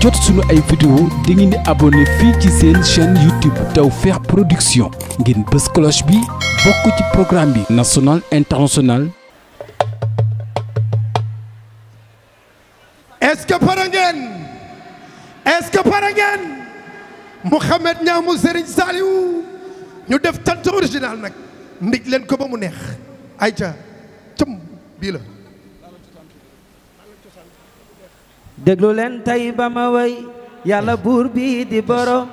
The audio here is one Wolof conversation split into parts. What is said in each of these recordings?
jot suñu ay vidéo da ngeen di abonné fii ci seen chaîne YouTube Tawfekh Production ngeen bës cloche bi bokk ci programme bi national international est-ce que pare ngeen est-ce que ñu def tant original nag ndig leen ko ba mu neex ayca cëm bii la déglu leen tey ba ma way yàlla buur bi di borom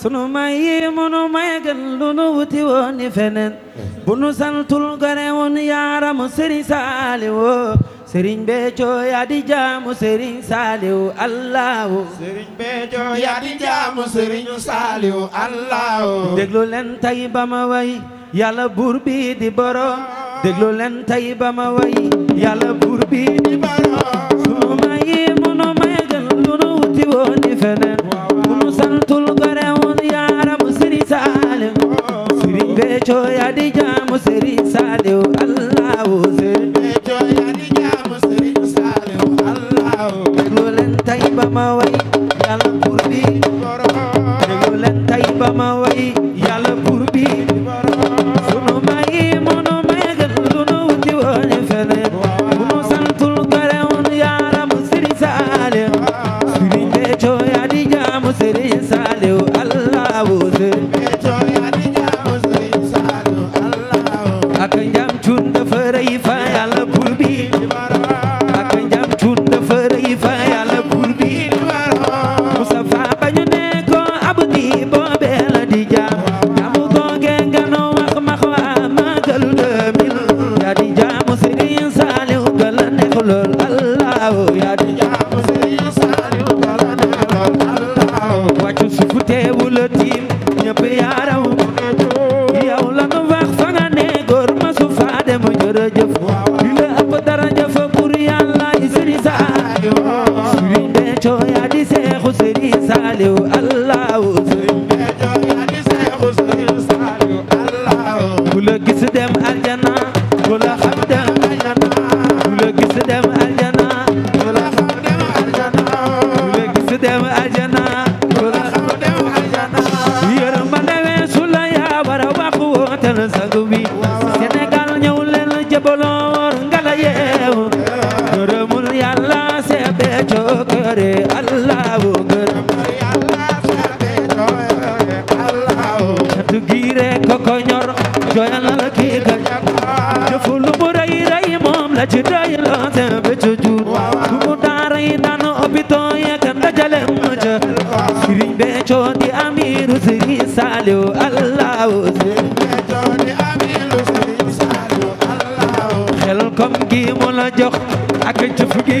sunu may yi munu may gën lu nu wuti woon ni feneen bu nu santul gore woon yaaramu Serigne Saliou Serigne Béthio yaa di di jaamu Serigne Saliou Allahu bi di feneen bu nu santul gore woon yaaram Sëriñ Saaliw Sëriñ Béthio di jaamu Sëriñ Saaliw Allahu Sëriñ Béthio yaa di jaamu Sëriñ Saaliw Allahu déglu leen ba ma way Yàlla buur bi déglu ba ma saaliw allahu sëriñ Béthio di amilu sëriñ saaliw allahu xel kom gi mu la jox ak jëf gi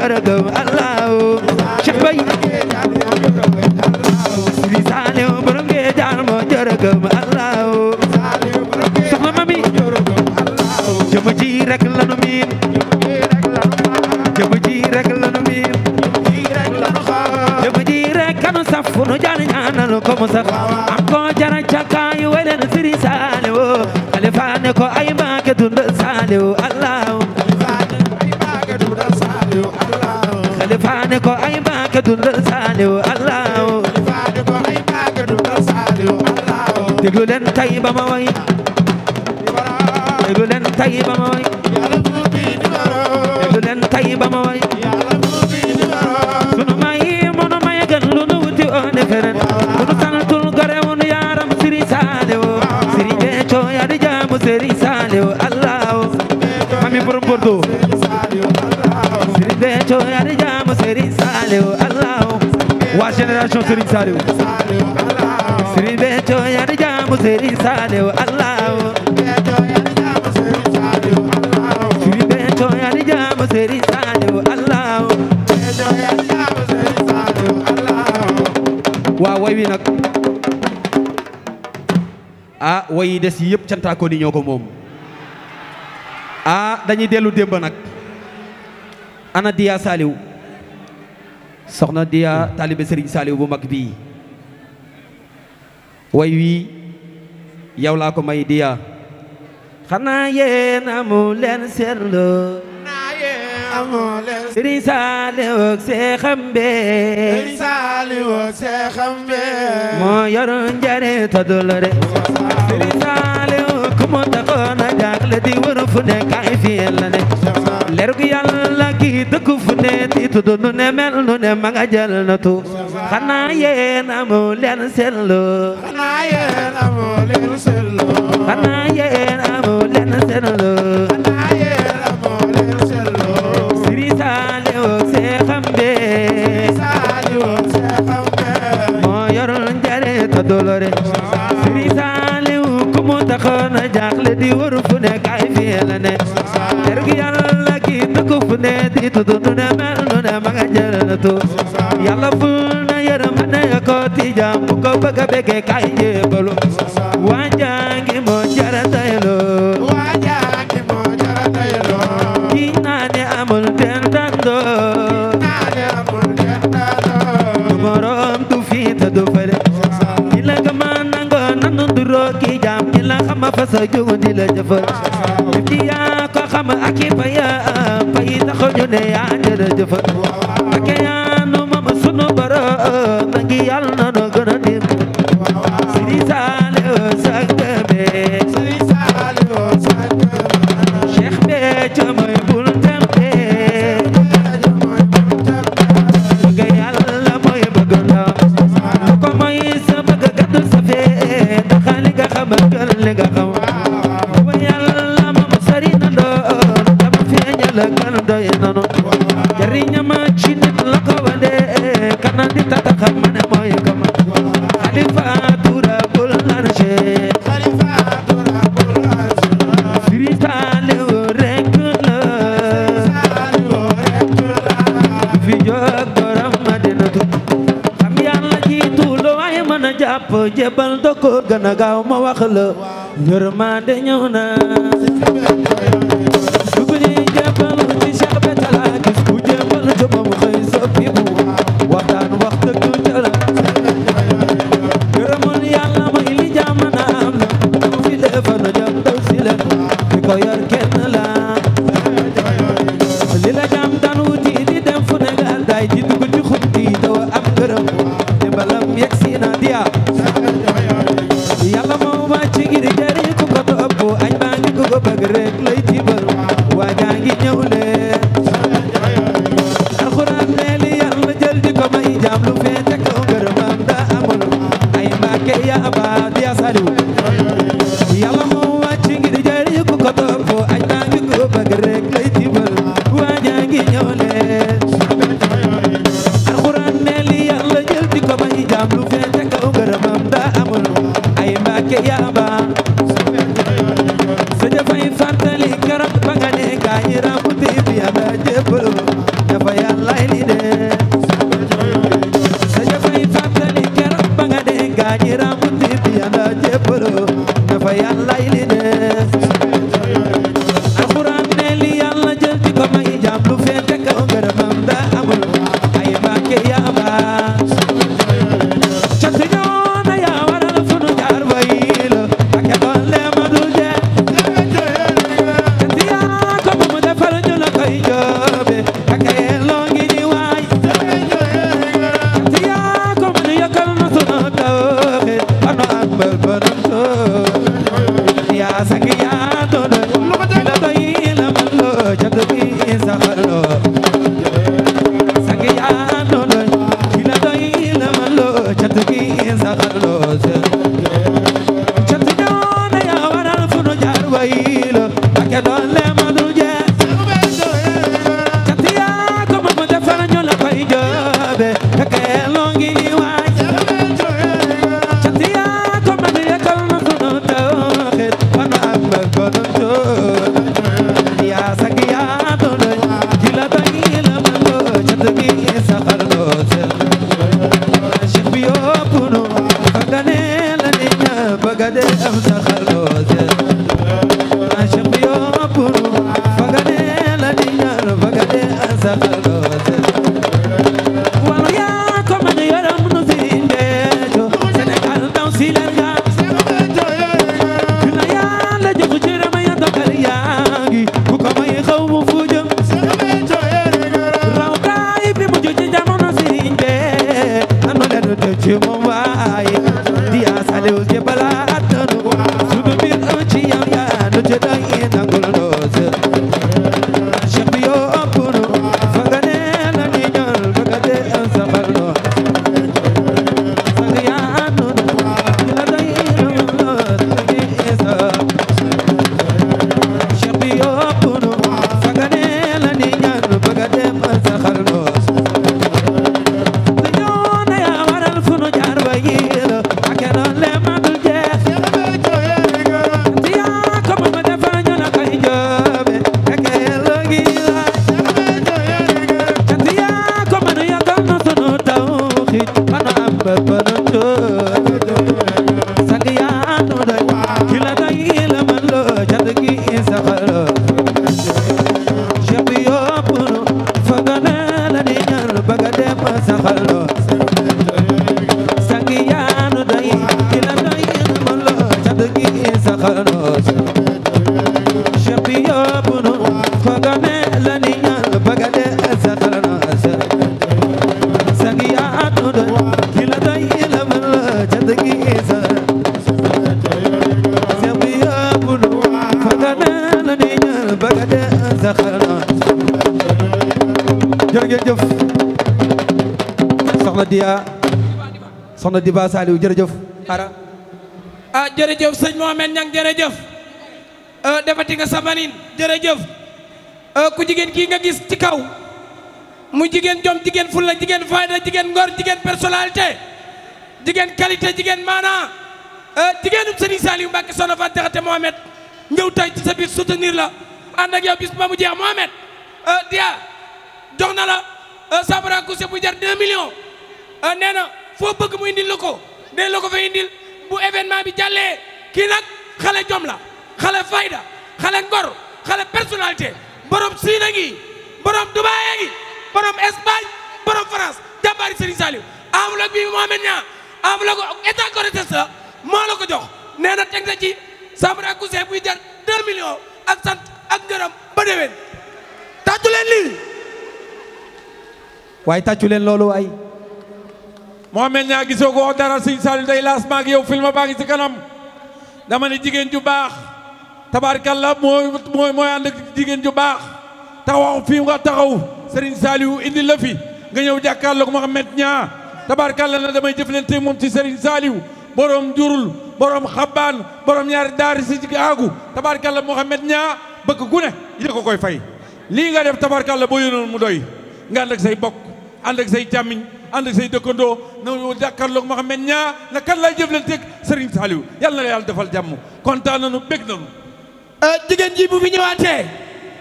karagam allahu ci bay sëriñ Saaliw borom ngee jaar moo jaragam allahu soxna mami jëm ji rek lanu miin jëm ji rek lanu miin jëm ji rek kanu saf fu nu jaan ñaanal ko mu sax am ko jara cakaayu weleen sëriñ Saaliw xalifa ne ko ay maake dund Saaliw allah ne ko ay mbaaka dundal saaliw allahu ne ko ay mbaaka dundal saaliw allahu déglu leen tay ba ma way déglu leen tay ba ma way déglu leen tay ba ma way sunu may mënu may gën lu nu wuti oo ne feneen sunu santul gore wun yaaram siri saaliw siri jeecoo yaa di jaamu siri saaliw allahu mami borom Bordeaux génération Serigne Saliou Serigne Béthio yaa di jaamu waaw way wi nag ah way des yëpp cantaako ni ñoo ko moom ah dañuy dellu démb nag ana Diya Saliou soxna Dia taalibe Serigne Saliou bu mag bii way wii yow laa ko may Dia xanaa yéen amu leen seetlu Serigne Saliou ak seexam be moo yor njare ta yàlla di waru fu ne kaay fi yàlla ne leer gu yàlla kii dëkk fu ne di tudd ne mel nu ne ma na tu xanaa yéen amu leen seetlu xanaa yéen amu leen seetlu xanaa yéen amu leen seetlu dolores di waru ne kay fii la ne ter gi yàlla gi nuku fu ne di tudd ne mel nu ne ma nga jëlatu yàlla ful na yërëm ne ko ti jaam bu ko bëgg a bëgg sa jóg di la jëfal ko ga a gaaw ma wax la yërmande na yëpp yàlla jébbalo dafa saxaloo وقد أفتخر jërë ngeen jëf soxna Dia soxna Diba Saliou jërëjëf ara ah jërëjëf sëñ Mohamed Niang jërëjëf ah, defati nga sa samanin jërëjëf ah, ku jigéen kii nga gis ci kaw mu jigéen jom jigéen fulla jigéen fayda jigéen ngor jigéen personnalité jigéen qualité jigéen maana ah, jigéenum sëriñ Saliou Mbacke soxna Fatou Diakhaté Mohamed ñëw tay ci sa biir soutenir la ànd ak yow bis ba mu jeex Mohamed Dia jox na la saabara couché bu jar 2 millions euh, nee na bëgg mu indil la ko dee la ko fa indil bu événement bi jàllee kii nag xale jom xale fayda xale ngor xale personnalité borom Siin a ngi borom Dubaay a ngi borom Espagne borom France jàmbaari Serigne Saliou enveloppe bi Mohamed Niang enveloppe état Gorée la moo la ko jox nee teg na ci saabara couché buy jar 2 millions ak sant ak gërëm ba déwén tàccu waaye tàccu leen loolu waay Mohamed ñaa gisoo ko dara sëñ Saliou day laas maag yow film baa ngi ci kanam dama ne jigéen ju baax tabaarkalla mooy mooy mooy ànd ak jigéen ju baax taxaw fii nga taxaw Serigne Saliou indi la fi nga ñëw jàkkaarloog Mohamed ñaa tabaarkalla na damay jëflante moom ci Serigne Saliou borom jurul borom xabaan borom ñaari daari si aagu tabaarkalla Mohamed bëkk bëgg gu ne ko koy fay lii nga def tabaarkalla boo yónnoon mu doy say bokk. ànd ak say càmmiñ ànd ak say dëkkandoo na jàkkaarloog ma xam ne ñaa na kan laay jëflanteeg Serigne Saliou yàlla na la yàlla defal jàmm kontaan nañu bég nañu. Euh, jigéen ji bu fi ñëwaatee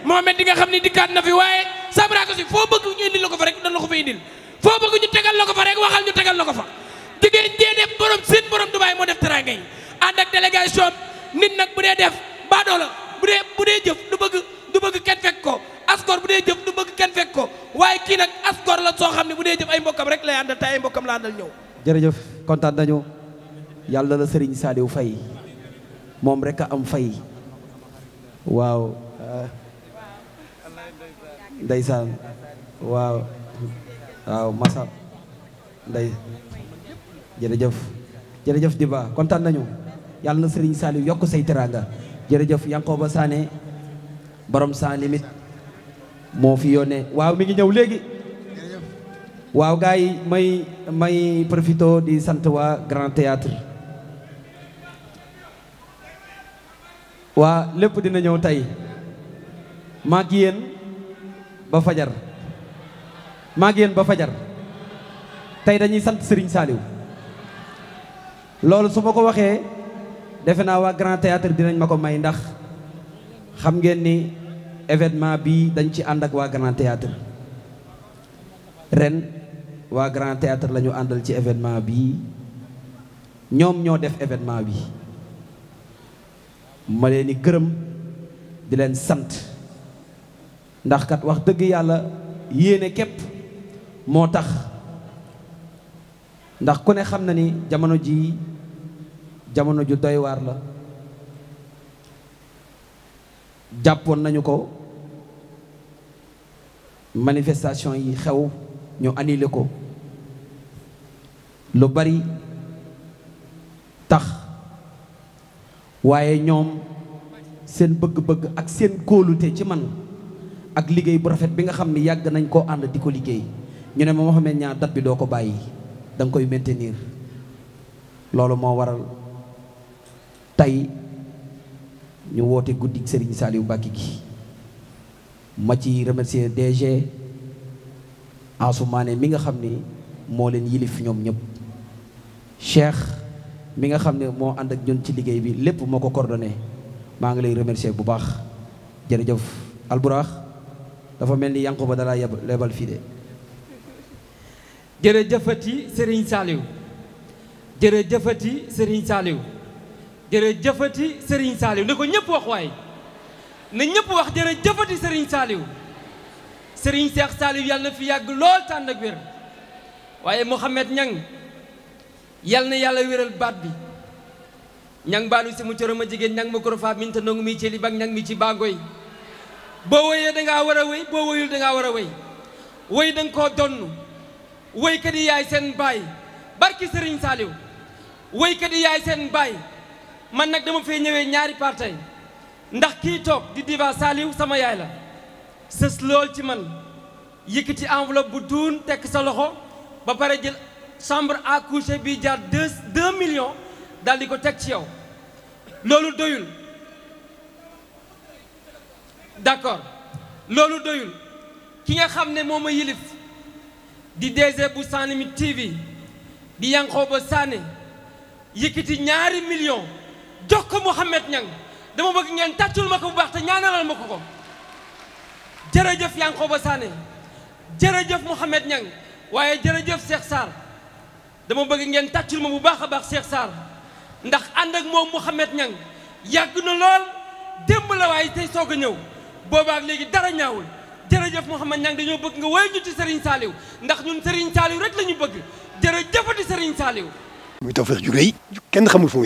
Mohamed di nga xam ne dikkaat na fi waaye sabra ko si foo bëgg ñu indil la ko fa rek dañ la ko fa indil foo bëgg ñu tegal la ko fa rek waxal ñu tegal la ko fa. jigéen jee def borom seen borom Dubaay moo def teraanga yi ànd ak délégation nit nag bu dee def baadoo la bu dee bu dee jëf du bëgg du bëgg kenn asgor ko waaye soo xam ne bu ay mbokkam rek lay àndal te ay jërëjëf kontaan nañu yàlla la Serigne Saliou Faye moom rek a am fay waaw ndeysaan waaw waaw jërëjëf jërëjëf Diba kontaan nañu yàlla na sëriñ Saliou yokk say teraanga jërëjëf Yankoba Sané borom sans limite moo fi yónnee waaw mi ngi ñëw léegi waaw gars yi may may profito di sant waa Grand Théâtre waa lépp dina ñëw tey maag yéen ba fajar maag ba fajar tey dañuy sant Serigne Saliou loolu su ma ko waxee defe naa waa Grand Théâtre dinañ ma ko may ndax xam ngeen ni événement bii dañ ci ànd ak waa Grand Théâtre ren waa Grand Théâtre la àndal ci événement bii ñoom ñoo def événement bi ma leen di gërëm di leen sant ndax kat wax dëgg yàlla yéene képp moo tax ndax ku ne xam na ni jamono ji jamono ju doy waar la jàppoon nañu ko manifestation yi xew ñu annulé ko lu bari tax waaye ñoom seen bëgg-bëgg ak seen kóolute ci man ak liggéey bu rafet bi nga xam ne yàgg nañ koo ànd di ko liggéey ñu ne ma Mouhamed Niang date bi doo ko bàyyi danga koy maintenir loolu moo waral tey ñu woote guddi Serigne Saliou Mbacké gi ma ci remercier DG Assoumane mi nga xam ni moo leen yilif ñoom ñëpp Cheikh mi nga xam ne moo ànd ak ñun ci liggéey bi lépp moo ko coordonné maa ngi lay remercier bu baax jërëjëf alburax dafa mel ni yanqu ba dalaa yeb lebal fii de jërëjëfati Serigne Saliou jërëjëfati Serigne Saliou jëfati Serigne Saliou ne ko ñëpp wax waay na ñëpp wax jëfati sëriñ saaliw Serigne Cheikh Saliou yàlla na fi yàgg lool tànn ak wér waaye Mouhamed Ñang yàlla na yàlla wéral baat bi ñang baanu si mu cërëm a jigéen ñang ma korofa minta nangu mi ci li bag ñang mi ci baagoy boo woyee dangaa war a woy boo woyul dangaa war a woy woy danga ko donn woykat yi yaay seen baay barki Serigne Saliou woykat yi yaay seen baay man nag dama fee ñëwee ñaari partey ndax kii toog di diva Saliou sama yaay la sës lool ci man yëkkati enveloppe bu duun tekk sa loxo ba pare jël chambre à coucher bi jaar deux deux millions daal di ko teg ci yow loolu doyul d'accord loolu doyul ki nga xam ne moo ma yilif di DG bu sanni Limites TV di Yankhoba Sané yëkkati ñaari millions jox ko Mouhamed Niang dama bëgg ngeen tàccul ma ko bu baax te ñaanalal ma ko ko jërëjëf Yankoba Sané jërëjëf Mouhamed Niang waaye jërëjëf Cheikh Sarr dama bëgg ngeen tàccul ma bu baax a baax seex Sarr ndax ànd ak moom Mouhamed Niang yàgg na lool démb la waaye tey soog a ñëw boobaak léegi dara ñaawul jërëjëf Mouhamed Niang dañoo bëgg nga woy ñu ci Serigne ndax ñun Serigne Saliou rek la ñu bëgg jërëjëfati Serigne Saliou. muy Tawfekh ju rëy kenn xamul fu mu